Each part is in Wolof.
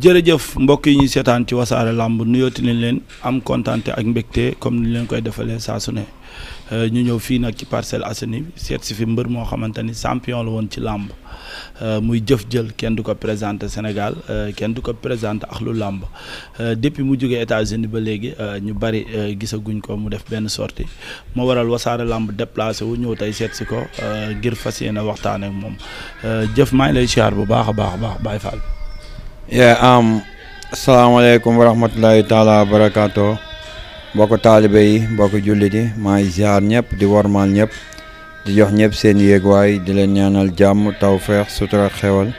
jërëjëf mbokk yi ñuy seetaan ci wasaare làmb nuyooti nañ leen am kontante ak mbégte comme ni leen koy defalee saa su ne euh, ñu ñëw fii nag ci Parcelles Assainies seet si fi mbër moo xamante ni champion la woon ci làmb euh, muy jëf jël kenn du ko présenté Sénégal euh, kenn du ko présenté ak lu làmb depuis mu jógee États-Unis ba léegi ñu bari gisaguñ ko mu def benn sortie moo waral wasaare làmb déplacé wu ñëw tey seet si ko ngir fas yéene waxtaan ak moom jëf maa ngi lay siyaar bu baax a baax a baax Baye Fall. yeah am um, asalaamaaleykum wa rahmatulahi taala wa mbokk taalibe yi mbokk jullit yi maa ngi ziar di wormaal ñëpp di jox ñëpp seen yéegwaay di leen ñaanal jàmm tawfeex sutura xewal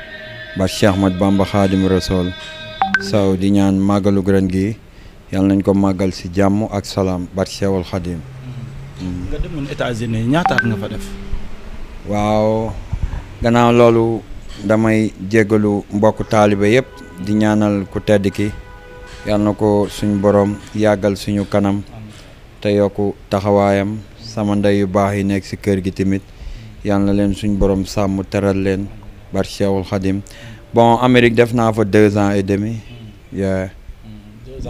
ba Cheikh Ahmad Bamba Xaadim Rasool saw di ñaan màggalu ren gi yàlla nañ ko màggal si jàmm ak salaam ba Cheikhul Xaadim waaw gannaaw loolu damay jégalu mbokk taalibe yëpp. di ñaanal ku tedd ki yal na ko suñ boroom yàggal suñu kanam te yokku taxawaayam sama ndey yu baax yi nekk ci kër gi tamit yal leen suñ boroom sàmm teral leen bar Cheikhul bon Amérique def naa fa deux ans et demi yeah. deux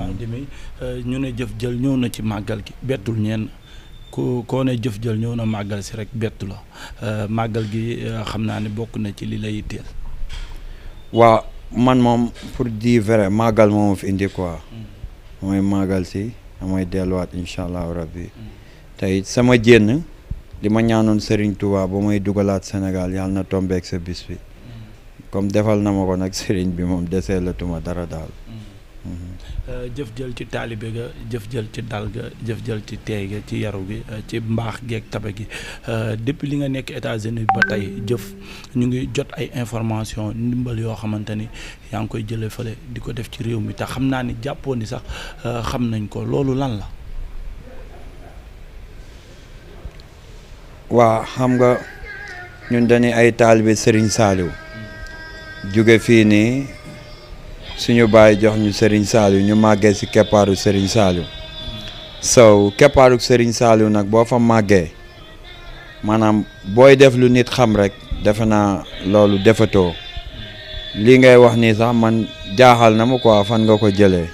euh, ñu ne jëf jël ñëw na ci màggal gi bettul ñenn ku koo ne jëf jël ñëw na màggal si rek bettu la euh, màggal gi euh, xam naa ne bokk na ci li lay itteel waaw man moom pour dire vrai màggal moom fi indi quoi. mooy màggal si mooy delluwaat incha allahu rabbi tey sama jénn li ma ñaanoon Serigne Touba ba may dugalaat Sénégal yàlla na tombeek sa bis bi comme defal na ma ko nag Serigne bi moom desee la tuma dara daal. Mm. Mm-hmm. Euh, jëf jël ci taalibe ga jëf jël ci dal ga jëf jël ci teey ga ci yaru gi euh, ci mbaax geek tabe gi euh, depuis li nga nekk États-Unis ba tey jëf ñu ngi jot ay information ndimbal yoo xamante ni yaa ngi koy jëlee fële di ko def ci réew mi te xam naa ni jàppoo ni sax xam nañ ko loolu lan la. waa xam nga ñun dañuy ay taalibe Serigne Saliou jóge fii nii. suñu bàyyi jox ñu sëriñ Saliou ñu màggee si keppaaru Serigne Saliou so keppaaru sëriñ Saliou nag boo fa màggee maanaam booy def lu nit xam rek defe naa loolu defatoo li ngay wax nii sax man jaaxal na ma quoi fan nga ko jëlee.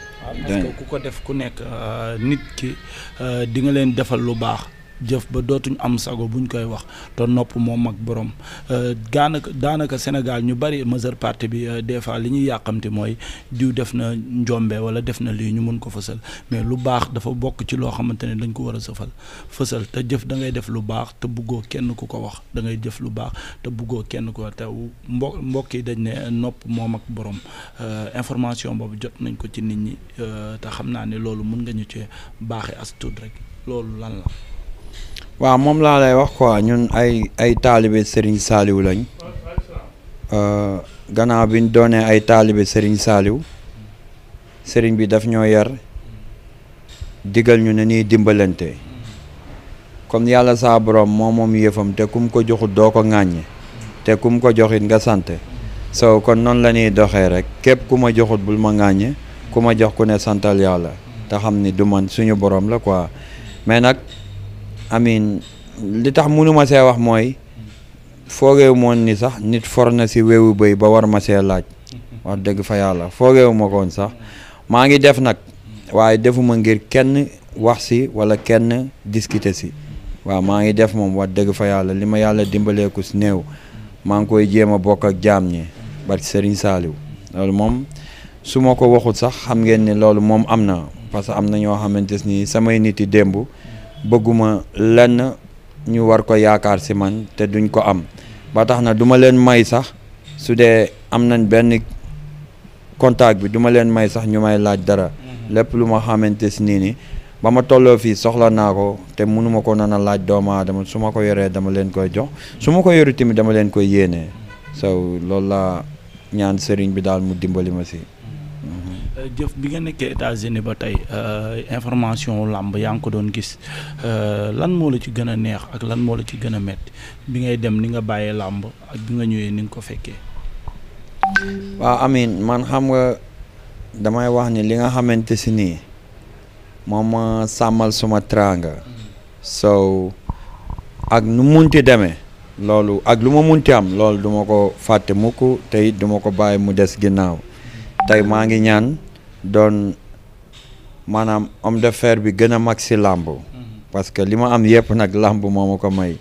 parce ku ko def ku nekk euh, nit ki euh, di nga leen defal lu baax. jëf ba dootuñ am sago ñu koy wax te nopp moom mag borom euh, daanaka daanaka Sénégal ñu bari majeure partie bi euh, des fois li ñuy yàqamti mooy diw def na njombe wala def na lii ñu mën ko fësal mais lu baax dafa bokk ci loo xamante ne dañ ko war a sëfal fësal te jëf da ngay def lu baax te buggoo kenn ku ko wax da ngay jëf lu baax te buggoo kenn ku te mbo mbokk yi dañ ne nopp moom ak borom euh, information boobu jot nañ ko ci nit ñi te xam naa ne loolu mun nga ñu ci baaxe as rek loolu lan la waaw moom laa lay wax quoi ñun ay ay taalibe Serigne Saliou lañ euh, gannaaw bi ñu doonee ay taalibe sëriñ saaliw sëriñ bi daf ñoo yar diggal ñu ne ñuy dimbalante kon yàlla saa borom moom moom yëfam te kum ko joxut doo ko ŋàññe te kum ko joxit nga sante soo kon noonu la ñuy doxee rek képp ku ma joxut bul ma ŋàññe ku ma jox ku ne santal yàlla te xam ni du man suñu boroom la quoi mais nag. amin li tax munu ma see wax mooy foogeewu moon ni sax nit for na si wéewu bëy ba war ma see laaj wax dëgg fa yàlla foogeewu ma koon sax maa ngi def nag waaye defuma ngir kenn wax si wala kenn discuter si waaw maa ngi def moom wax dëgg fa yàlla li ma yàlla dimbaleeku si néew maa ngi koy jéem a bokk ak jaam ñi barki Serigne saaliw loolu moom su ma ko waxul sax xam ngeen ni loolu moom am na parce que am na ñoo xamante ni samay nit yi démb bëgguma lenn ñu war ko yaakaar si man te duñ ko am ba tax na duma leen may sax su dee am nañ benn contact bi duma leen may sax ñu may laaj dara mhm. lépp lu ma xamante si nii ni ba ma tolloo fii soxla naa ko te mënuma ko nan a laaj doomu aadama su ma ko yoree dama leen koy jox su ma ko yoru tamit dama leen koy yéenee so loolu laa ñaan sëriñ bi daal mu dimbali ma si jëf euh, bi nga nekkee États-Unis ba tey euh, information làmb yaa ngi ko doon gis euh, lan moo la ci gën a neex ak lan moo la ci gën a metti bi ngay dem ni nga bàyyee làmb ak bi nga ñëwee ni nga ko fekkee. waaw Amine man xam nga damay wax ni li nga xamante si nii moom ma sàmmal suma tranga so ak nu munti demee loolu ak lu ma munti am loolu duma ko fàtte mukk te it duma ko bàyyi mu des ginnaaw. tey maa ngi ñaan doon maanaam homme d'affaires bi gën a mag si làmb mm-hmm. parce que li ma am yëpp nag làmb moo ma ko may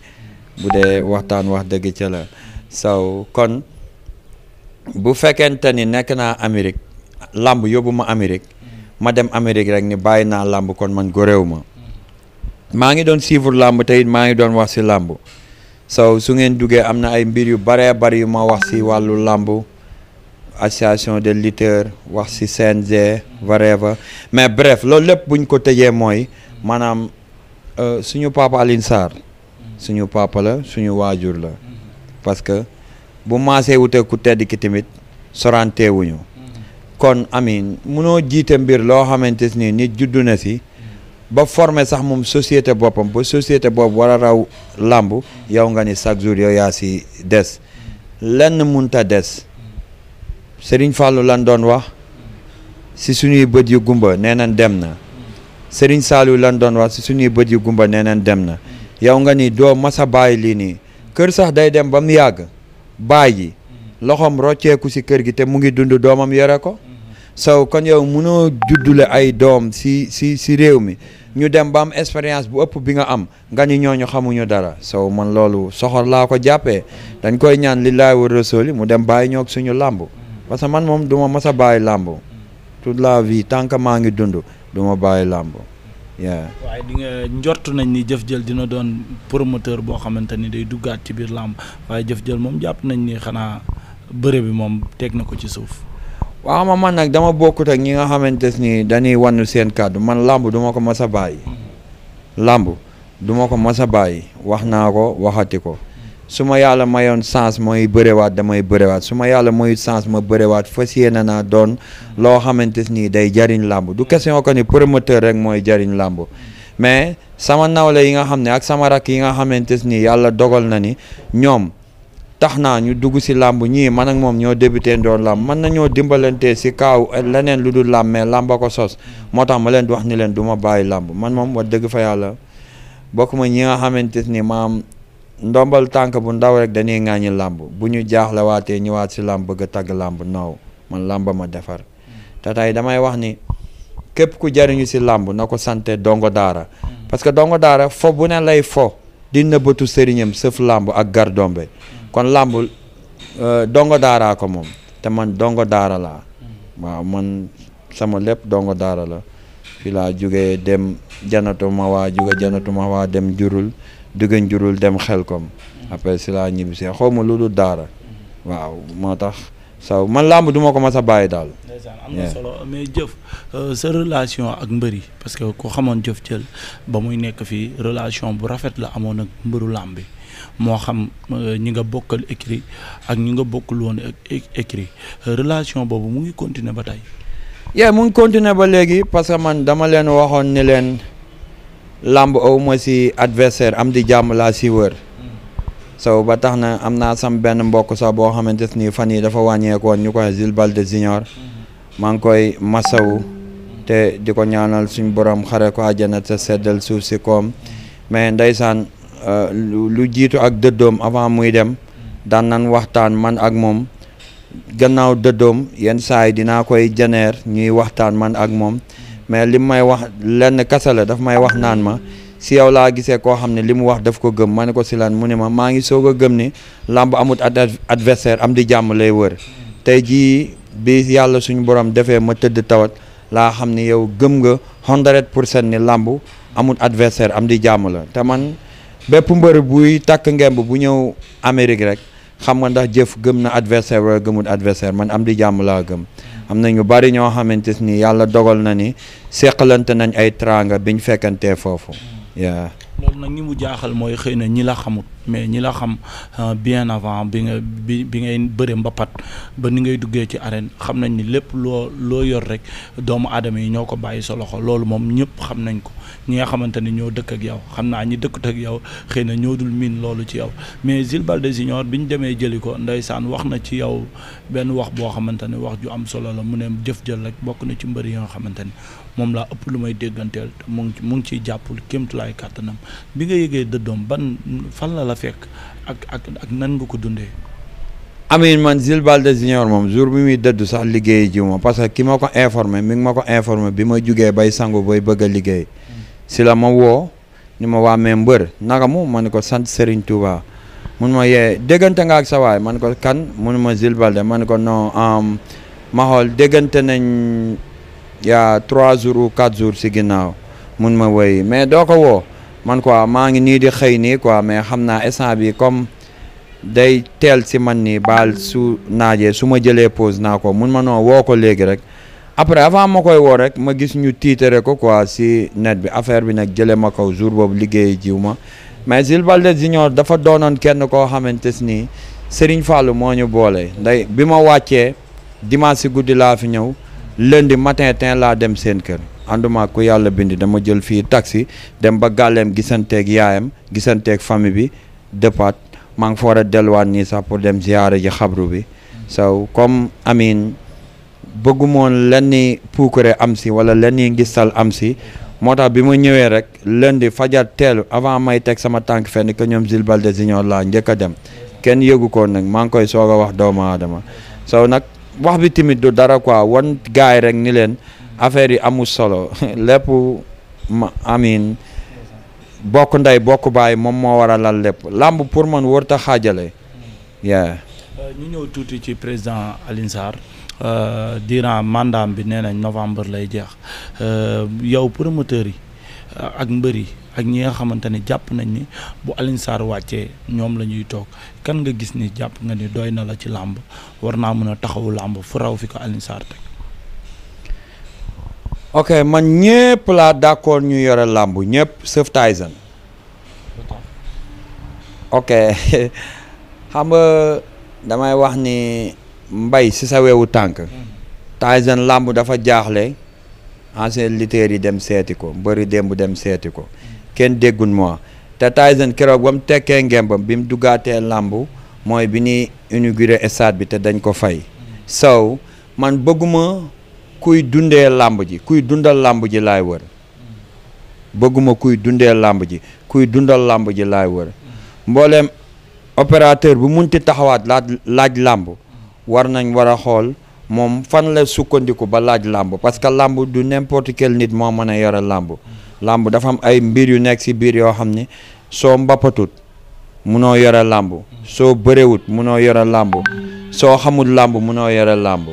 bu dee waxtaan wax dëgg ca la saw kon bu fekkente ni nekk naa Amérique làmb yóbbu ma Amérique mm-hmm. ma dem Amérique rek ni bàyyi naa làmb kon man goréew ma mm-hmm. maa ngi doon suivre làmb te maa ngi doon wax si làmb saw su ngeen duggee am na ay mbir yu baree bari yu ma wax si wàllu làmb association des lutteurs wax ci CNG whatever mais bref loolu lépp buñ ko tëjee mooy maanaam euh, suñu papa Alioune Sarr suñu papa la suñu waajur la parce que bu maasee wute ku tedd ki tamit soranteewuñu kon amin munoo jiite mbir loo xamante ni nit juddu na si ba formé sax moom société boppam ba société boobu war a raw lamb yow nga ni chaque jour yow yaa si des lenn munta des Serigne Fallou lan doon wax si suñuy bët yu gumba nee nañ dem na Serigne Saliou lan doon wax si suñuy bët yu gumba nee nañ dem na yow nga ni doo masa bàyyi lii nii kër sax day dem ba mu yàgg bàyyi loxoom rocceeku si kër gi te mu ngi dund doomam yore ko sow kon yow mënoo juddule ay doom si si si réew mi ñu dem ba am expérience bu ëpp bi nga am nga ni ñu xamuñu dara soow man loolu soxor laa ko jàppee dañ koy ñaan li laay war rasooli mu dem bàyyi ñoog suñu làmb parce que man moom du ma mas a bàyyi làmb tout la vie tant que maa ngi dund du bàyyi làmb waaye di njort nañ ni Jëf Jël dina doon promoteur boo xamante ni day duggaat ci biir làmb waaye Jëf Jël moom jàpp nañ ni xanaa bëre bi moom teg na ko ci suuf waaw ma man nag dama bokkut ak ñi nga xamante ni dañuy wann seen kàddu man làmb du ko mas a bàyyi làmb duma ko mas a bàyyi wax naa ko waxati ko su ma yàlla mayoon chance mooy bërewaat damay bërewaat su ma yàlla mayu chance ma bërewaat fa yéene naa doon loo xamante nii day jariñ làmb du question que ni promoteur rek mooy jariñ làmb mais sama nawle yi nga xam ne ak sama yi nga xamante nii yàlla dogal na ni ñoom tax naa ñu dugg si làmb ñii man moom ñoo débuté doon làmb mën nañoo dimbalante si kaaw leneen lu dul làmb mais làmba ko sos moo tax ma leen di wax ni leen du ma bàyyi làmb man moom wax dëgg fa yàlla bokk ma ñi nga xamante ni maam ndombal tànk bu ndaw rek dañuy ŋaañi làmb bu ñu jaaxlewaatee ñëwaat si làmb bëgg a tagg làmb naaw man làmb ma defar mm. te tey damay wax ni képp ku jariñu si làmb na ko sante dongo daara mm. parce que dongo daara fo bu ne lay fo di nëbbatu sëriñam sëf làmb ak gardombe mm. kon làmb euh, dongo daara ko moom te man dongo daara laa waaw man sama lépp dongo daara la fi laa jóge dem janatu ma waa jóge janatu waa dem jurul duggan jurul dem xel kom après si laa ñibbisee xaw ma loolu daara waaw moo tax saw man làmb duma ko mas a bàyyi daal. am solo mais jëf euh, sa relation ak mbër yi parce que ku xamoon jëf jël ba muy nekk fii relation bu rafet la amoon ak mbëru làmb moo xam euh, ñi nga bokkal écrit ak ñi nga bokkul woon écrit euh, relation boobu mu ngi continuer ba tey. yee mu ngi continuer ba léegi parce man dama leen waxoon ni leen. làmb aw ma si adversaire am di jàmm laa si wër so ba tax na am naa sam benn mbokk sax boo xamante nii fan yi dafa wàññeekoon ñu koy Jules de Junior maa ngi koy masawu te di ko ñaanal suñ borom xare ko àjjana te seddal suuf si koom mais ndeysaan euh, lu jiitu ak dëddoom avant muy dem daan nan waxtaan man ak moom gannaaw dëddoom yenn saa yi dinaa koy janeer ñuy waxtaan man ak moom mais li may wax lenn kese la daf may wax naan ma si yow laa gisee koo xam ne li mu wax daf ko gëm ma ne ko si lan mu ne ma maa ngi soog a gëm ni làmb amut adversaire am di jàmm lay tey jii bi yàlla suñu borom defee ma tëdd tawat laa xam ne yow gëm nga 100 pour cent ni làmb amut adversaire am di jàmm la te man bépp mbër buy takk ngemb bu ñëw Amérique rek xam nga ndax jëf gëm na adversaire wala gëmut adversaire man am di jàmm laa gëm am na ñu bari ñoo xamante ni yàlla dogal na ni seqalante nañ ay teraanga biñ fekkantee foofu. Mm. loolu nag ñi mu jaaxal mooy xëy na ñi la xamut. mais ñi la xam euh, bien avant bi nga bi bi ngay bëre mbapat ba ni ngay duggee ci arène xam nañ ni lépp loo loo yor rek doomu aadama yi ñoo ko bàyyi sa loxo loolu moom ñëpp xam nañ ko ñi nga xamante ni ñoo dëkk ak yow xam naa ñi dëkkut ak yow xëy na ñoo dul loolu ci yow mais Jules Baldé bi ñu demee jëli ko ndeysaan wax na ci yow benn wax boo xamante ne wax ju am solo la mu ne jëf jël rek bokk na ci mbër yi nga xamante ni moom laa ëpp lu may dégganteel mu ngi ci ngi ciy jàppul kémtulaay kàttanam bi nga yëgee dëddoom ban fan la la fekk ak nan nga ko dundee. Amin man Jules Balde Junior moom jour bi muy dëddu sax liggéey ji ma parce que ki ma ko informé mi ngi ma ko informé bi ma jugee bay sangu bay bëgg a liggéey hmm. si la ma woo ni ma waa mais mbër naka mu ma ne ko sant Serigne Touba mun ma yee déggante nga ak sa man ko kan mun ma Jules Balde ma ne ko non ma xool déggante nañ yaa trois jours ou quatre jours si ginnaaw mun ma woy mais doo woo man quoi maa ngi nii di xëy nii quoi mais xam naa instant bi comme day teel si man nii baal su naajee su ma jëlee pause naa ko mun ma noo woo ko léegi rek après avant ma koy woo rek ma gis ñu tiitare ko quoi si net bi affaire bi nag jëlee ma kaw jour boobu liggéey jiw ma mais Jules Baldé Junior dafa doonoon kenn koo xamante nii Serigne Fallou moo ñu boolee nday bi ma wàccee dimanche si guddi laa fi ñëw lundi matin ten laa dem seen kër. ànduma ku yàlla bind dama jël fii taxi dem ba gàlleem gisanteeg yaayam gisanteeg famille bi dëppaat maa ngi fa war a delluwaat nii sax pour dem ziyaara ji xabru bi so comme amin bëggu moon lenni puukure am si wala lenni ngistal am si moo tax bi ma ñëwee rek di fajar teelu avant may teg sama tànk fenn que ñoom Jules Baldé Junior laa njëkk a dem kenn yëgu ko nag maa ngi koy soog a wax doomu aadama so nag wax bi timit du dara quoi wan gaay rek affaire yi amul solo lépp ma amin bokk ndey bokk baay moom moo war a lal lépp làmb pour man wërta xaajale yeah euh, ñu ñëw tuuti ci président Alioune Sarr euh, durant mandat bi nee nañ novembre lay jeex euh, yow promoteur yi ak mbër yi ak ñi nga xamante ne jàpp nañ ni bu Alioune Sarr wàccee ñoom la ñuy toog kan nga gis ni jàpp nga ni doy na la ci làmb war naa mën a taxawu làmb fu raw fi ko Alioune teg ok man ñëpp laa d'accord ñu yore làmb ñëpp sauf Tyson ok xam damay wax ni mbay si sa wewu tànk Tyson làmb dafa jaaxle ancien lutteurs yi dem seeti ko mbëri démb dem seeti ko kenn déggul moi te Tyson keroog ba mu tekkee ngembam bi mu duggaatee làmb mooy bi ñuy inauguré stade bi te dañ ko fay so man bëgguma kuy dundee làmb ji kuy dundal làmb ji lay wër bëgguma kuy dundee làmb ji kuy dundal làmb ji lay wër mbooleem opérateur bu munti taxawaat laaj laaj làmb war nañ war a xool moom fan la sukkandiku ba laaj làmb parce que làmb du n'importe quel nit moo mën a yore làmb làmb dafa am ay mbir yu nekk ci biir yoo xam ni soo mbappatut munoo yore làmb soo bërewut mënoo yore làmb soo xamul làmb munoo yore làmb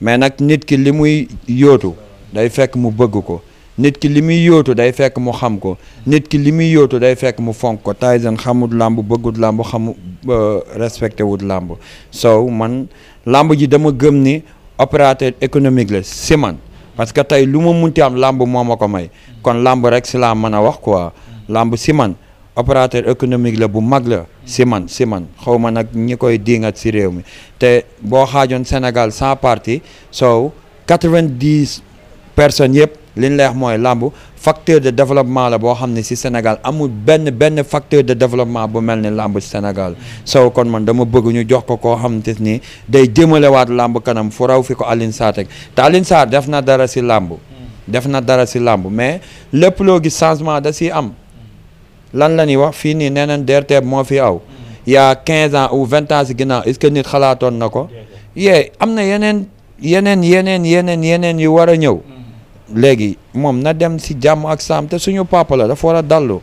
mais nag nit ki li muy yootu day fekk mu bëgg ko nit ki li muy yootu day fekk mu xam ko nit ki li muy yootu day fekk mu fonk ko Tyson xamut làmb bëggut làmb xamu respecté wut làmb so man làmb ji dama gëm ni opérateur économique la si man parce que tey lu ma munti am làmb moom ma ko may kon làmb rek si laa mën a wax quoi làmb si man opérateur économique la bu mag la si man si man xaw ma nag ñi koy diingat si réew mi te boo xaajoon Sénégal sans parti soow quatre-vingt-dix personnes yëpp li ñu mooy làmb facteur de développement la boo xam ne si Sénégal amul benn benn facteur de développement bu mel ni làmb ci Sénégal soow kon man dama bëgg ñu jox ko koo xam ni day jëmalewaat làmb kanam fu raw fi ko Alioune Sarr teg te Alioune def na dara si làmb mm. def na dara si làmb mais lépp loo lan la ñuy wax fii nii nee nañ DRT moo fi aw yaa a 15 ans ou 20 ans si ginnaaw est-ce nit xalaatoon na ko yee am na yeneen yeneen yeneen yeneen yeneen yu war a ñëw léegi moom na dem si jàmm ak saam te suñu papa la dafa war a dallu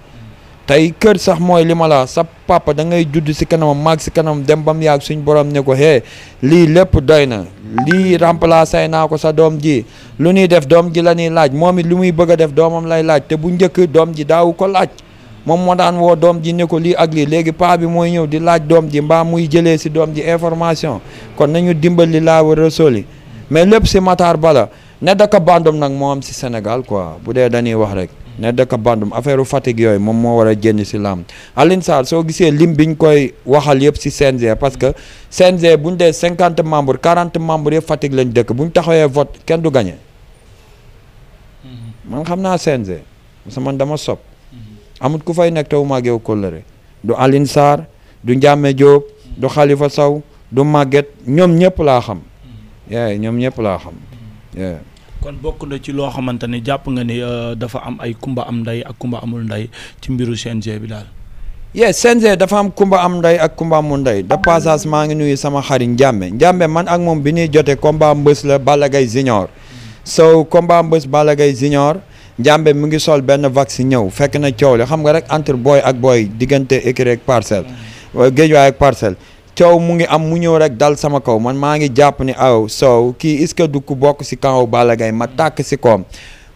tey kër sax mooy li ma la sa papa da ngay judd si kanamam maag si kanamam dem ba mu yàgg suñu borom ne ko lii lépp doy na lii remplacé naa ko sa doom ji lu nuy def doom ji la ñuy laaj moom it lu muy bëgg a def doomam lay laaj bu njëkk doom ji daawu ko laaj moom moo daan woo doom ji ne ko lii ak lii léegi paa bi mooy ñëw di laaj doom ji mbaa muy jëlee si doom ji information kon nañu dimbali laa war a soli mais lépp si Matar bala la ne dëkk bandum nag moo am si Sénégal quoi bu dee dañuy wax rek ne dëkk bandum affaire Fatick yooyu moom moo war a génn si lamb Alioune Sarr soo gisee lim biñ koy waxal yëpp si CNG parce que CNG bu ñu dee cinquante membre quarante membre yëpp Fatick lañ dëkk bu ñu taxawee vote kenn du gagné mm-hmm. xam naa CNG parce dama sob amut ku fay nekk taw maag yow kóllëre du Alioune du Ndiame Diop du Khalifa Sow du Maguette ñoom ñëpp laa xam yee ñoom ñëpp laa xam kon bokk na ci loo xamante ne jàpp nga ni euh, dafa am ay kumba am ndey ak kumba amul ndey ci mbiru CNG bi daal CNG dafa am kumba am ndey ak kumba amul ndey de passage maa ngi nuyu sama xarit Ndiame Ndiame man ak moom bi ñuy jotee combat mbës la Balla Gaye junior so combat mbës Balla Gaye junior Njàmbe mi ngi sol benn vax ñëw fekk na coow li xam nga rek entre booy ak booy diggante écurie ak parcelle mm-hmm. géejuwaay ak parcelle coow mu ngi am mu ñëw rek dal sama kaw man maa ngi jàpp ni aw soow kii est-ce que du ku bokk si kaw Balla Gaye ma tàkk si koom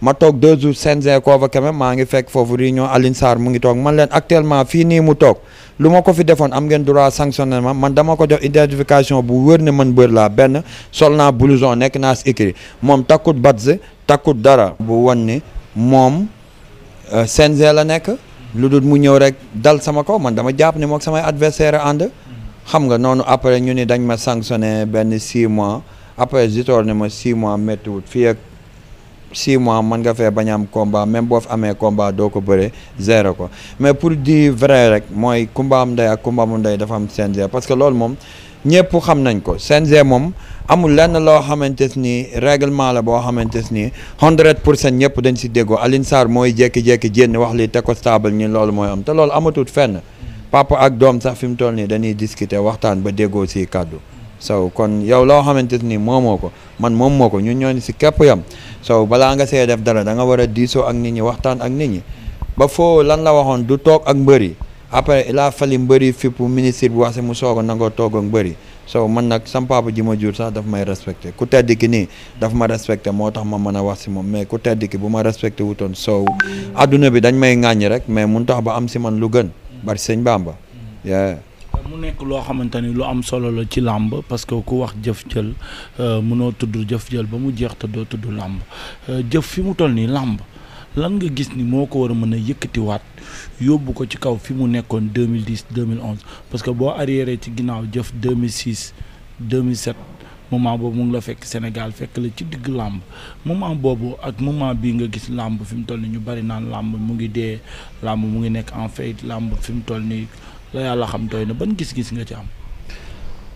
ma toog deux jours CNG convoqué ma maa ngi fekk foofu réunion Alioune Sarr mu ngi toog man leen actuellement fii nii mu toog lu ma ko fi defoon am ngeen droit sanctionné ma man dama ko jox identification bu wër ne man bër laa benn sol naa blouson nekk naa si écurie moom takkut batse takkut dara bu wan ni moom CNG euh, la nekk lu dul mu ñëw rek dal sama kaw man dama jàpp ne mook samay adversaire ànd xam nga noonu après ñu ni dañ ma sanctionné benn six mois après Zitor ne ma six mois méttiwut fii ak six mois mën nga fee bañ am combat même boo fi amee combat doo ko bëree zéro ko mais pour di vrai rek mooy kumba am ndey ak kumba amul ndey dafa am CNG parce que loolu moom ñëpp xam nañ ko CNG moom amul lenn loo xamante ni règlement la boo xamante ni 100 pour cent ñëpp dañ si déggoo Alioune Sarr mooy jékki-jékki jénn wax lii te ko stable ñi loolu mooy am te loolu amatut fenn papa ak doom sax fi mu toll nii dañuy discuter waxtaan ba déggoo si kàddu sow kon yow loo xamante ni moomoo ko man moom moo ko ñu ñoo ni si képp yam sow balaa nga see def dara da nga war a diisoo ak nit ñi waxtaan ak nit ñi ba foo lan la waxoon du toog ak mbër yi après il a fallu mbëri fippu ministre bi wax si mu soog nangoo toog ak mbëri so man nag sam papa ji ma jur sax dafa may respecté ku tedd ki nii daf ma respecté moo tax ma mën a wax si moom mais ku tedd ki bu ma respecté wutoon soow adduna bi dañ may ŋàññi rek mais mun tax ba am si man lu gën bari sëñ ba mu nekk loo xamante ni lu am solo la ci làmb parce que ku wax jëf jël euh, mënoo tudd jëf jël ba mu jeex te doo tudd làmb euh, jëf fi mu toll nii làmb lan nga gis ni moo ko war a mën a yëkkatiwaat yóbbu ko ci kaw fi mu nekkoon 2010 2011 parce que boo arriéré ci ginnaaw jëf 2006 2007 moment boobu mu ngi la fekk Sénégal fekk la ci digg làmb moment boobu ak moment bii nga gis làmb fi mu toll ni ñu bari naan làmb mu ngi dee làmb mu ngi nekk en fait làmb fi mu toll nii la yàlla xam doy na ban gis-gis nga ci am.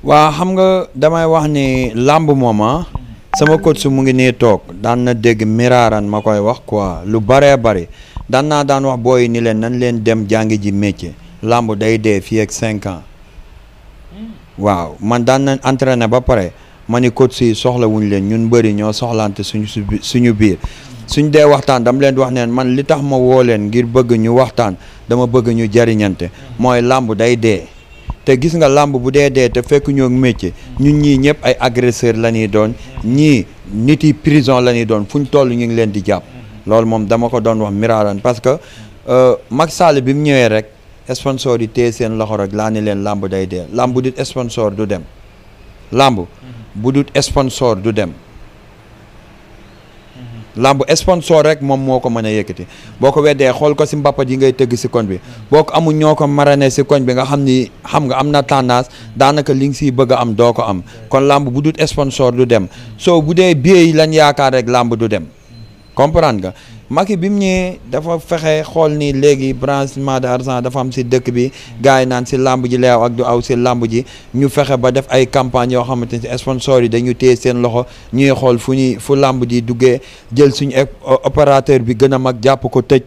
waa xam nga damay wax ni làmb moom ah, sama coach su mu ngi nii toog daan na dégg miraaran ma koy wax quoi lu baree bari daan naa daan wax booy ni leen nañ leen dem jàngi ji métier làmb day dee fii ak cinq ans waaw man daan na entraîné ba pare ma ni coach yi soxla wuñ leen ñun bëri ñoo soxlante suñu suñu biir suñ dee waxtaan dama leen di wax neen man li tax ma woo leen ngir bëgg ñu waxtaan dama bëgg ñu jariñante mooy làmb day dee te gis nga làmb bu dee dee te fekk ñoo métier ñun ñii ñëpp ay agresseur la ñuy doon ñii nit yi prison la ñuy doon fu ñu toll ñu ngi leen di jàpp loolu moom dama ko doon wax miraaran parce que euh, mag Sall bi mu ñëwee rek sponsor yi téye seen loxo rek laa ne leen làmb day dee làmb mm-hmm. bu dul sponsor du dem làmb bu dul sponsor du dem lamb sponsor rek moom moo ko mën a yëkkati boo ko weddee xool ko si mbappat yi ngay tëgg si koñ bi boo ko amul ñoo ko marane si koñ bi nga xam ni xam nga am na tendance daanaka li nga siy bëgg a am doo ko am kon làmb bu dut sponsor du dem soo bu dee billet lañ yaakaar rek làmb du dem comprendre nga Macky bi mu ñëwee dafa fexe xool ni léegi blanchiment d'argent dafa am si dëkk bi gars yi naan si làmb ji lay aw ak du aw si làmb ji ñu fexe ba def ay campagne yoo xamante ni si sponsors yi dañu téye seen loxo ñuy xool fu ñuy fu làmb ji duggee jël suñu e, opérateur bi gën a mag jàpp ko tëj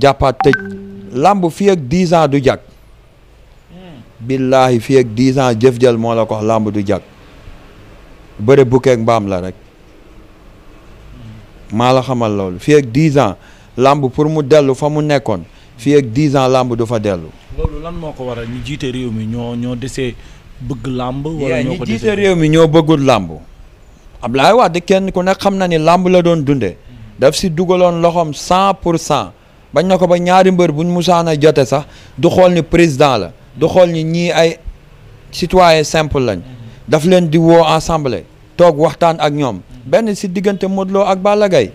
jàppaat tëj làmb fii ak 10 ans du jag billaahi fii ak 10 ans jëf-jël moo la ko làmb du jag bëre bukkeek mbaam la rek maa la xamal loolu fii ak 10 ans làmb pour mu dellu fa mu nekkoon fii ak 10 ans làmb du fa dellu. loolu lan moo ko waral ñu jiite réew mi ñoo ñoo desee bëgg làmb. wala ñoo ko desee jiite réew mi ñoo bëggul làmb. Ablaye Wade kenn ku nekk xam na ni làmb la doon dundee. daf si dugaloon loxoom cent pour cent bañ na ko ba ñaari mbër buñ musaana jote sax du xool ni président la. du xool ni ñii ay citoyen simple lañ. daf leen di woo assemblée. toog waxtaan ak ñoom benn si diggante Modou ak ballagay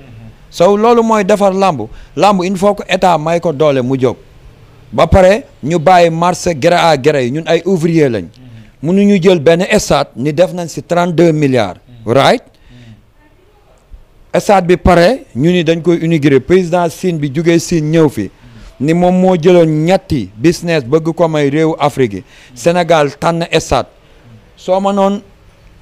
Gaye loolu mooy defar làmb làmb il faut que état may ko doole mu jóg ba pare ñu bàyyi marché gré à gré yi ñun ay ouvrier lañ ñu jël benn stade ni def nañ si 32 milliards right stade bi pare ñu ni dañ koy inaugurer président Sine bi jugee Sine ñëw fi ni moom moo jëloon ñetti business bëgg ko may réewu Afrique yi Sénégal tànn stade soo ma noon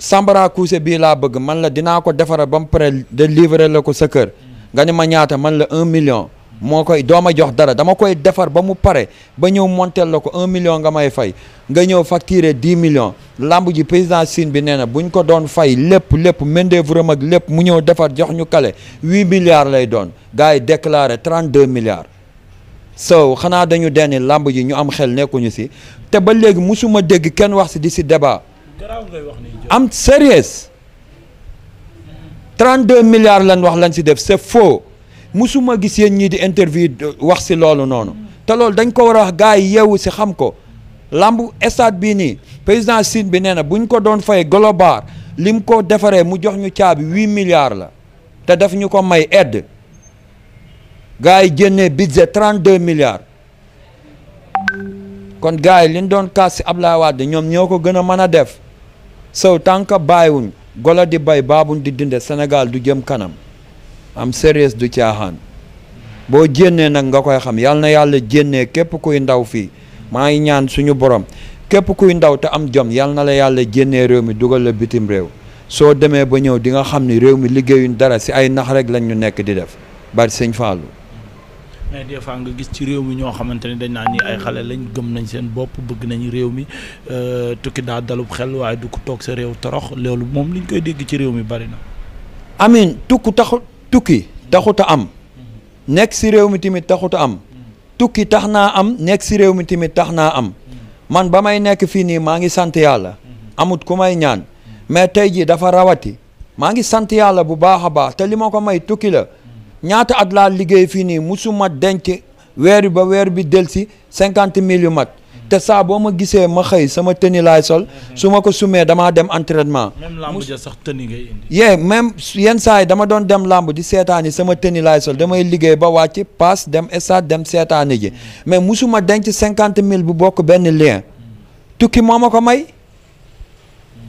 sambara kuuse bii laa bëgg man la dinaa ko defaral ba mu pare de livrer la ko sa kër nga ni ma ñaata man la un million moo koy doo ma jox dara dama koy defar ba mu pare ba ñëw monter la ko un million nga may fay nga ñëw facturer dix million lamb ji président Sine bi nee na bu ñu ko doon fay lépp lépp main-d'œuvre ak lépp mu ñëw defar jox ñu kale huit milliards lay doon gars yi déclaré trente deux milliards. so xanaa dañu denn lamb ji ñu am xel nekkuñu si te ba léegi musuma dégg kenn wax si di si débat. am sérieux 32 milliards lan wax lan si def c'est faux musuma gis yéen ñii di interview wax si loolu noonu te loolu dañ ko war a wax gars yi yeewu si xam ko lamb stade bi nii président Sine bi nee na bu ko doon fay global li mu ko defaree mu jox ñu caabi 8 milliards la te daf ñu ko may edd gars yi génnee budget 32 milliards kon gars yi li ñu doon kaas si Ablaye Wade ñoom ñoo ko gën a mën a def so tant que bàyyiwuñ golo di bay baabuñ di dunde Sénégal du jëm kanam am sérieux du caaxaan boo jénnee nag nga koy xam yal na yàlla jénnee képp kuy ndaw fii maa ngi ñaan suñu borom képp kuy ndaw te am jom yal na la yàlla jénnee réew mi dugal la bitim réew soo demee ba ñëw di nga xam ni réew mi liggéeyuñ dara si ay nax rek lañ ñu nekk di def bari sëñ Fallou mais des fois gis ci réew mi ñoo xamante ne dañ naa ni ay xale lañ gëm nañ seen bopp bëgg nañ réew mi euh, tukki daa dalub xel waaye du ko sa réew torox loolu moom liñ koy dégg ci réew mi bari na. amiin tukku taxu tukki taxut a am. Mm-hmm. nekk si réew mi tamit taxut am. Mm-hmm. tukki tax naa am nekk si réew mi tamit tax naa am. Mm-hmm. man ba may nekk fii nii maa ngi sant yàlla. amut ku may ñaan. mais tey ji dafa rawati. maa ngi sant yàlla bu baax a baax te li ma ko may tukki la. ñaata at laa liggéey fii nii musuma denc weer ba weer bi si cinquante mille yu mag te saa boo ma gisee ma xëy sama tëni laay sol su ma ko sumee damaa dem entraînement. même sax tëni ngay indi. yee même yenn saa yi dama doon dem lamb di seetaani sama tëni laay sol damay liggéey ba wàcc paas dem stade dem seetaani ji mais musuma denc cinquante mille bu bokk benn lien tukki moo ma ko may.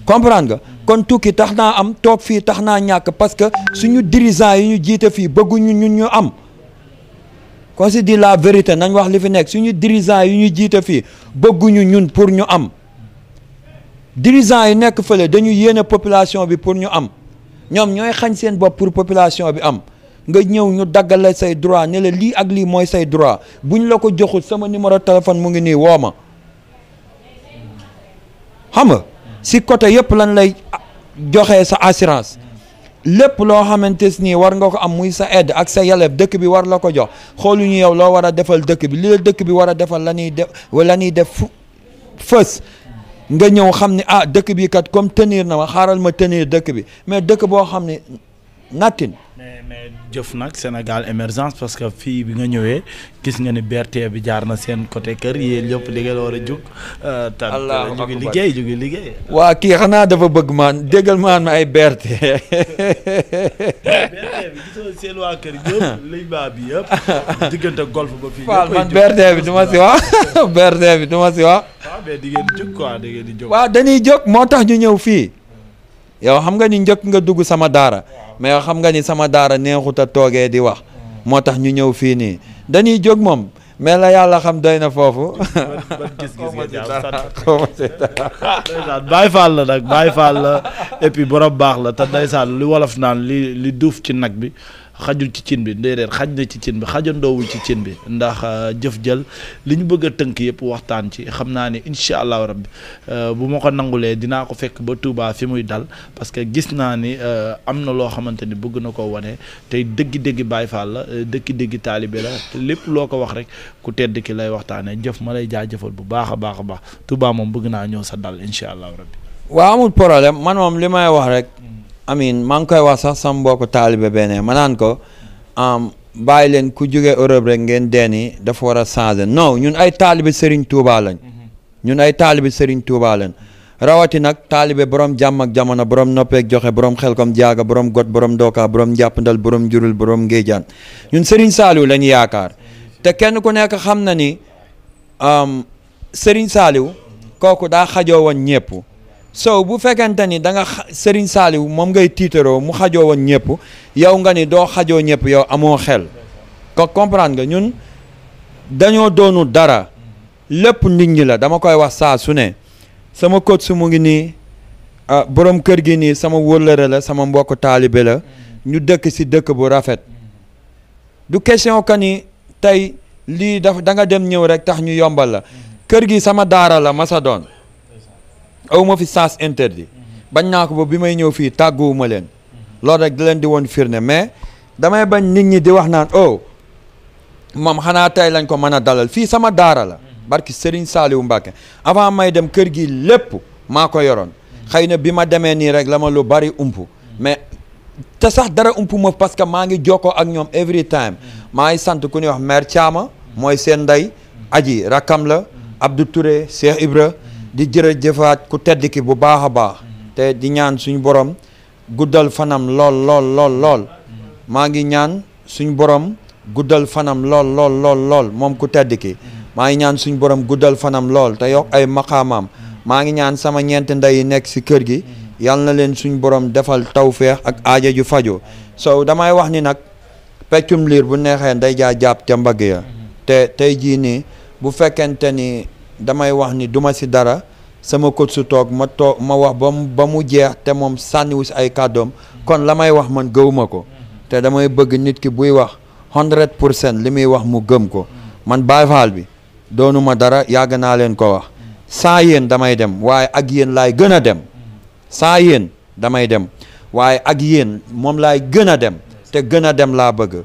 comprendre nga kon tukki tax naa am toog fii tax naa ñàkk parce que suñu dirigeant yi ñu jiite fii bëgguñu ñun ñu am qu'on se la vérité nañ wax li fi nekk suñu dirigeant yi ñu jiite fii bëgguñu ñun pour ñu am dirigeant yi nekk fële dañu yéene population bi pour ñu am ñoom ñooy xañ seen bopp pour population bi am nga ñëw ñu daggale say droit ne la lii ak lii mooy say droit ñu la ko joxul sama numéro téléphone mu ngi nii woo ma xam nga si côté yëpp lan lay joxe sa assurance lépp loo xamante nii war nga ko am muy sa aide ak sa yelleef dëkk bi war la ko jox ñu yow loo war a defal dëkk bi li la dëkk bi war a defal la ñuy def la ñuy def fës nga ñëw xam ni ah dëkk bii kat comme tenir na ma xaaral ma tenir dëkk bi mais dëkk boo xam ne nattin mais mais jëf nag Sénégal émergence parce que fii bi nga ñëwee gis nga ni BRT bi jaar na seen côté kër yéen yëpp li ngeen war a jug. Euh, alhamdulilah ñu ngi liggéey ñu liggéey. waa kii xanaa dafa bëgg maan déggal maan ma ay BRT. BRT bi diggante golf ba fii. waaw du ma si wax BRT bi du ma si wax. waaw mais jóg moo tax ñu ñëw fii. yow xam nga ni njëkk nga dugg sama daara mais yow xam nga ni sama daara neexut a toogee di wax mm. moo tax ñu ñëw fii nii dañuy jóg moom mais la yàlla xam doy na foofu. Baay Faal la nag Baay Faal la et puis borom baax la te ndeysaan li wolof naan li li duuf ci nag bi. xajul ci cin bi déedéet xaj na ci cin bi xajandoowul ci cin bi ndax euh, jëf jël li ñu bëgg a tënk yëpp waxtaan ci xam naa ne incha allahu rabbi euh, bu ma ko nangulee dinaa ko fekk ba Touba fi muy dal parce que gis naa ni euh, am na loo xamante ni bëgg na ko wane tey dëggi-dëggi baay Fall la dëggi-dëggi taalibe la lépp loo ko wax rek ku tedd ki lay waxtaanee jëf ma lay jaajëfal bu baax a baax a baax Touba moom bëgg naa ñëw sa dal incha allahu rabbi waaw amul rek. Hmm. amin maa ngi koy wax sax sama mbokku taalibe beneen manaan naan ko bàyyi leen ku jóge Europe rek ngeen deeni dafa war a changer non ñun ay taalibe Serigne Touba lañ mm-hmm. ñun ay taalibe Serigne Touba lañ rawati nag taalibe borom jàmm ak jamono borom noppeeg joxe borom xelkom jaaga boroom got borom dookaa borom njàppandal borom njurul borom ngéejaan ñun Serigne Saliou lañu yaakaar te kenn ku nekk xam na ni sëriñ saaliw kooku daa xajoo woon ñëpp. so bu fekkente ni da nga Serigne Saliou moom ngay tiitaroo mu xajoo woon ñëpp yow nga ni doo xajoo ñëpp yow amoo xel ko comprendre nga ñun dañoo doonu dara lépp nit ñi la dama koy wax saa su ne sama coach su mu ngi nii ah, borom kër gi nii sama wóllëre la sama mbokk taalibe la ñu dëkk si dëkk bu rafet du question que ni tey lii daf da nga dem ñëw rek tax ñu yombal la kër gi sama daara la ma sa doon aw ma fi sance interdit bañ naa ko ba bi may ñëw fii tàgguwuma leen loolu rek di leen di woon firnde mais damay bañ nit ñi di wax naan oh moom xanaa tey lañ ko mën a dalal fii sama daara la barki Serigne Saliou Mbacke avant may dem kër gi lépp maa ko yoroon xëy na bi ma demee nii rek la ma lu bari ump mais te sax dara ump ma parce que maa ngi jokkoo ak ñoom every time maa ngi sant ku ñuy wax mère Thiama mooy seen ndey aji rakam la Abdou Touré Cheikh Ibra di jërëjëfaat ku tedd ki bu baax a baax mm-hmm. te di ñaan suñu boroom guddal fanam lool lool lool mm-hmm. maa ngi ñaan suñu borom guddal fanam lool moom ku tedd ki mm-hmm. maa ngi ñaan suñu borom guddal fanam lool te yokk ay maqaamaam maa ngi ñaan sama ñeenti ndey yi nekk si kër gi yal na leen suñu boroom defal tawféex ak aaja ju fajo so damay wax ni nag peccum liir bu neexee nday jaa jàpp ca mbagg ya te tey jii bu fekkente ni damay wax ni duma si dara sama kot su toog ma toog ma wax ba mu ba mu jeex te moom sànniwu si ay kàddoom kon la may wax man gëwuma ko te damay bëgg nit ki buy wax hundred pour cent li muy wax mu gëm ko man Baay Faal bi doonuma dara yàgg naa leen ko wax saa yéen damay dem waaye ak yéen laay gën a dem sans yéen damay dem waaye ak yéen moom laay gën a dem te gën a dem laa bëgg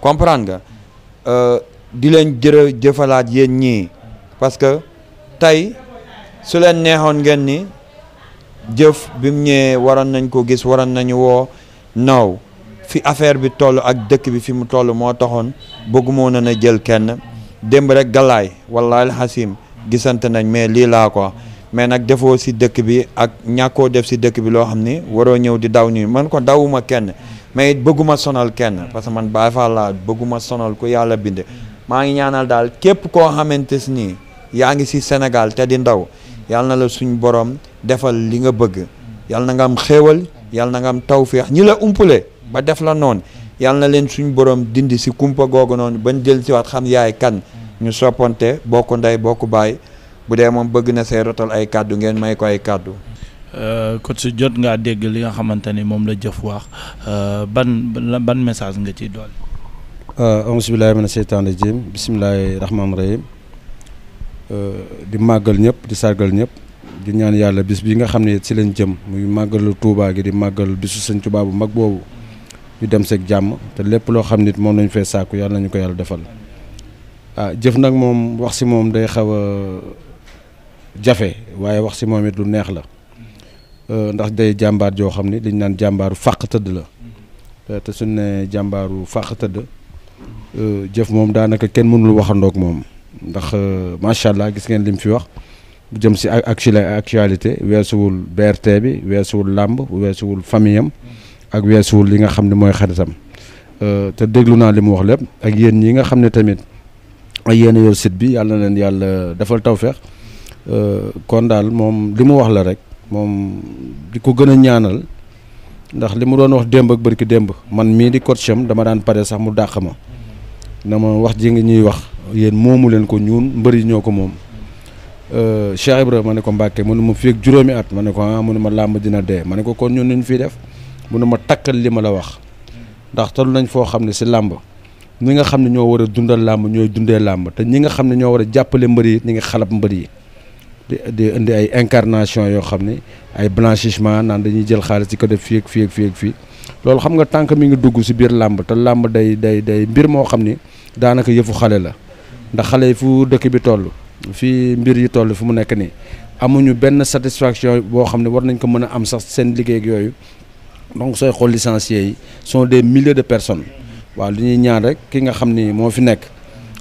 comprendre nga euh, di leen jërë jëfalaat yéen ñii parce tey su leen neexoon ngeen ni jëf bi mu ñëwee waroon nañ ko gis waroon nañu woo naw fi affaire bi toll ak dëkk bi fi mu toll moo taxoon bëgguma na a jël kenn démb rek galaay walla alxasim gisante nañ mais lii laa ko mais nag defoo si dëkk bi ak ñàkkoo def si dëkk bi loo xam ni waroo ñëw di daw nii man ko dawuma kenn mais it bëgguma sonal kenn parce que man Baay Faal laa bëgguma sonal ku yàlla bind maa ngi ñaanal daal képp koo xamante nii yaa ngi si Sénégal te di ndaw yal na la suñ borom defal li nga bëgg yal na nga am xéwal yal na nga am tawféex ñi la umpule ba def la noonu yal na leen suñ borom dindi si kumpa googu noonu bañ jël si waat xam yaay kan ñu soppante bokk ndey bokk baay bu dee moom bëgg na see rotal ay kàddu ngeen may ko ay kàddu. su euh, jot nga dégg li nga xamante ni moom la jëf wax euh, ban ban message nga ci dool. Euh, auzu billaahi mina seytaani rajiim bismillaahi rahmaani rahiim. Euh, di màggal ñëpp di sargal ñëpp di ñaan yàlla bis bi nga xam ne si lañ jëm muy màggalu tuubaa gi di màggal bisu sëñ Touba bu mag boobu ñu dem seeg jàmm te lépp loo xam nit moom lañ fee sàkku yàlla nañu ko yàlla defal ah jëf nag moom wax si moom day xaw a jafe waaye wax si moom it lu neex la euh, ndax day jàmbaar joo xam ne liñ naan jàmbaaru fàq tëdd la te suñ ne jàmbaaru fàq tëdd euh, jëf moom daanaka kenn mënul waxandoog moom ndax euh, macha allah gis ngeen lim fi wax jëm si actualité weesuwul BRT bi weesuwul làmb weesuwul famille ak weesuwul li nga xam ne mooy xaritam euh, te déglu naa li mu wax lépp ak yéen yi nga xam ne tamit ak yéen yow site bi yàlla leen yàlla defal tawféex euh, kon daal moom li mu wax la rek moom di ko gën a ñaanal ndax li mu doon wax démb ak bërki démb man mii di coach dama daan pare sax mu dàq ma na ma wax ji nga ñuy wax yéen moomu leen ko ñun mbër yi ñoo ko moom euh, Cheikh Ibra ma ne ko Mbàkke mu ne ma juróomi at ma ne ko ah mu ma làmb dina dee ma ne ko kon ñun ñu fiy def mu ne ma takkal li ma la wax ndax toll nañ foo xam ne si làmb ñi nga xam ne ñoo war a dundal làmb ñooy dundee làmb te ñi nga xam ne ñoo war a jàppale mbër yi ñi ngi xalab mbër yi di indi ay incarnation yoo xam ne ay blanchissement naan dañuy jël xaalis ci ko def fii ak fii ak fii ak fii loolu xam nga tànk mi ngi dugg si biir làmb te làmb day day day mbir moo xam ni daanaka yëfu xale la ndax xale yi fu dëkk bi toll fii mbir yi toll fu mu nekk nii amuñu benn satisfaction boo xam ne war nañ ko mën a am sax seen liggéey yooyu donc sooy xool licenciés yi sont des millier de personnes waa li ñuy ñaan rek ki nga xam ni moo fi nekk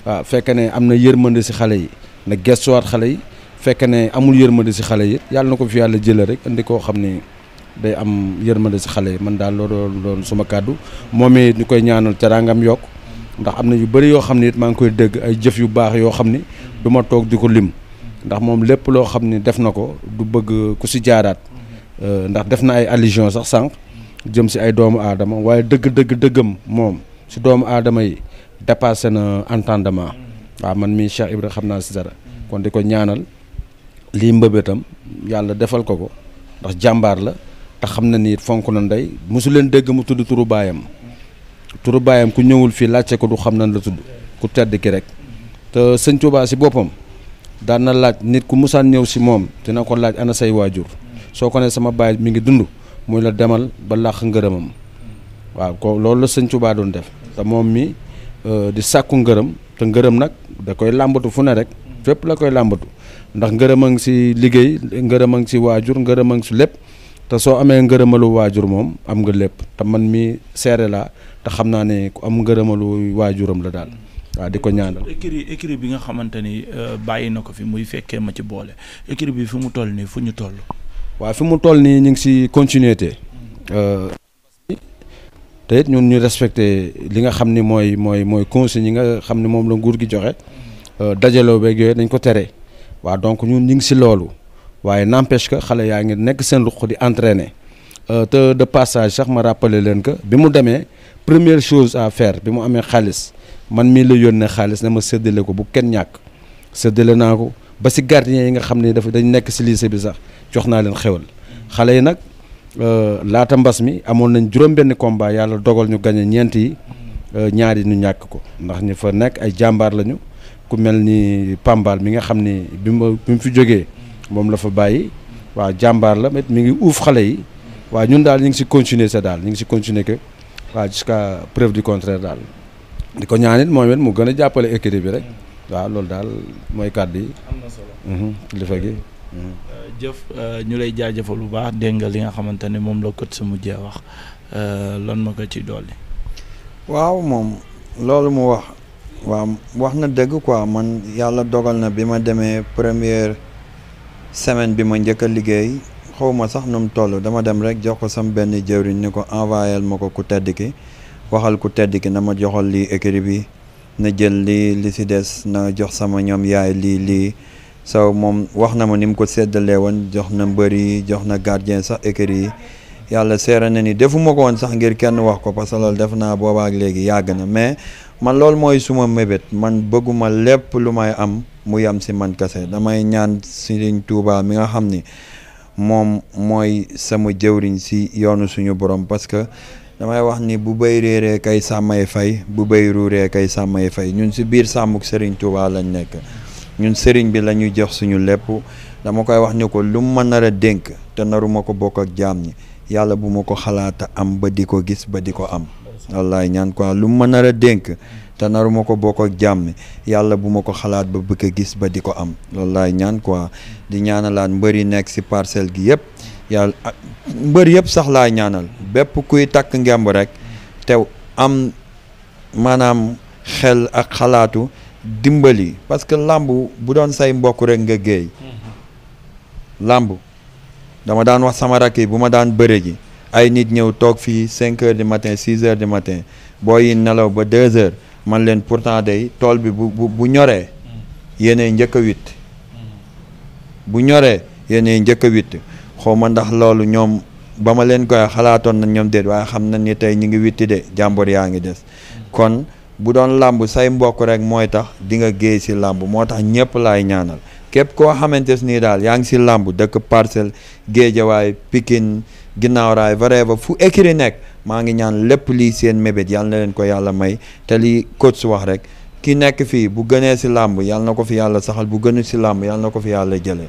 waaw fekk ne am na yërmande si xale yi na gestuwaat xale yi fekk ne amul yërmande si xale yi yàlla na ko fi yàlla jëlee rek indi koo xam ni day am yërmande si xale yi man daal loolu doon suma kàddu moom it ñu koy ñaanal teraangam yokk ndax am na yu bari yoo xam ne it maa ngi koy dégg ay jëf yu baax yoo xam ni du toog di ko lim ndax moom lépp loo xam ne def na ko du bëgg ku si jaaraat euh, ndax def na ay allusion sax sànq jëm si ay doomu aadama waaye dëgg dëgg dëggam moom si doomu aadama yi dépassé na entendement waaw man mii Cheikh Ibra xam naa si dara kon di ko ñaanal lii mbëbëtam yàlla defal ko ko ndax jàmbaar la te xam na ni fonk na ndey musu leen dëgg mu tudd turu baayam turu baayam ku ñëwul fii laajte ko du xam nan la tudd ku tedd ki rek te sëñ si boppam daan na laaj nit ku musaan ñëw si moom dina ko laaj ana say waajur soo ko ne sama baay mi ngi dund muy la demal ba làq ngërëmam waaw ko loolu la sëñ doon def te moom mi euh, di sàkku ngërëm te ngërëm nag da koy làmbatu fu ne rek fépp la koy làmbatu ndax ngërëm a ngi si liggéey ngërëm a ngi si waajur ngërëm a ngi si lépp te soo amee ngërëmalu waajur moom am nga lépp te man mii seere la te xam naa ne ku am ngërëmalu waajuram la daal waa di ko ñaanal. écurie écurie bi nga xamante ni euh, bàyyi na ko fi muy fekkee ma ci boole écurie bi fi mu toll nii fu ñu toll. waa fu mu toll nii ñu ngi si continuité. Mm. Euh, te it ñun ñu respecté li nga xam ni mooy mooy mooy consignes ñi nga xam ni moom la nguur gi joxe. Mm. Euh, dajaloo beeg yooyu dañ ko tere. waa donc ñun ñu ngi si loolu. waaye n'empêche que xale yaa ngi nekk seen ruq di entraîner euh, te de passage sax ma rappeler leen que bi mu demee première chose à faire bi mu amee xaalis man mii la yónnee xaalis ne ma séddale ko bu kenn ñàkk séddale naa ko ba si gardien yi nga xam ne dafa dañ nekk si lycée bi sax jox naa leen xewal xale yi nag euh, laata mbas mi amoon nañ juróom-benn combat yàlla dogal ñu gañe ñeent yi euh, ñaari ñu ñàkk ko ndax ñu fa nekk ay jàmbaar lañu ku mel ni Pambal mi nga xam ni bi ma fi jógee. moom la fa bàyyi waaw jàmbaar la met mi ngi uuf xale yi waaw ñun daal ñu ngi si continuer sa daal ñu ngi si continuer que waaw jusqu'à preuve du contraire daal di ko ñaanit moom it mu gën a jàppale écurie bi rek waaw loolu daal mooy kàddu yi. am na solo mhm, kilifa gi. Mhm. jëf euh, ñu lay jaajëfal bu baax dégg nga li nga xamante ne moom la kot sa mujjee wax euh, lan ma ko ci dolli. waaw moom loolu mu wax. waaw wax na dëgg quoi man yàlla dogal na bi ma demee première. semaine bi ma njëkk liggéey xaw ma sax nu mu toll dama dem rek jox ko sam benn jëwriñ ni ko envoyé ma ko ku tedd ki waxal ku tedd ki na ma joxal lii écrit bi na jël li li si des na jox sama ñoom yaay lii lii saw moom wax na ma ni mu ko seddalee woon jox na mbër yi jox na gardien sax écrit yi yàlla seera na ni defuma ko woon sax ngir kenn wax ko parce que def naa boobaak léegi yàgg na mais man loolu mooy suma mébét man bëgguma lépp lu may am mu yam si man kese damay ñaan Sëriñ Tuubaa mi nga xam ni moom mooy sama jëwriñ si yoonu suñu borom parce que damay wax ni bu béy réeree kay sàmmay fay bu béy ruuree kay sàmmay fay ñun si biir sàmmuk Sëriñ Tuubaa lañ nekk ñun sëriñ bi la ñuy jox suñu lépp dama koy wax ni ko lu ma nar a dénk te naruma ko bokk ak jaam ñi yàlla bu ma ko xalaata am ba di ko gis ba di ko am wallaay ñaan quoi lu mu ma nar a dénk te naru ma ko bokk ak jàmm yàlla bu ma ko xalaat ba bëgg a gis ba di ko am loolu laay ñaan quoi di ñaanalaat mbër yi nekk si parcelle gi yëpp yàlla ah, mbër yëpp sax laa ñaanal bépp kuy takk ngemb rek te am maanaam xel ak xalaatu dimbali parce que làmb bu doon say mbokk rek nga géey mm-hmm. làmb dama daan wax sama rakk yi bu ma daan bëre ji ay nit ñëw toog fii cinq heures du matin six heures du matin boo yi nelaw ba deux heures man leen pourtant day tool bi bu bu bu ñoree mm. yéenay njëkk a witt mm. bu ñoree yéenay njëkk a witt xaw ma ndax loolu ñoom ba ma leen koy xalaatoon na ñoom déet waaye xam nañ ni tey ñu ngi witti de jàmbur yaa ngi des mm. kon bu doon làmb say mbokk rek mooy tax di nga géey si làmb moo tax ñëpp laay ñaanal képp koo xamante nii daal yaa ngi si làmb dëkk Parcelles Guédiawaye Pikine ginnaaw raay vareeva fu écrit nekk maa ngi ñaan lépp li seen mébét yàlla na leen ko yàlla may te li lii coach wax rek ki nekk fii bu gënee si làmb yàlla na ko fi yàlla saxal bu gënu si làmb yàlla na ko fi yàlla jëlee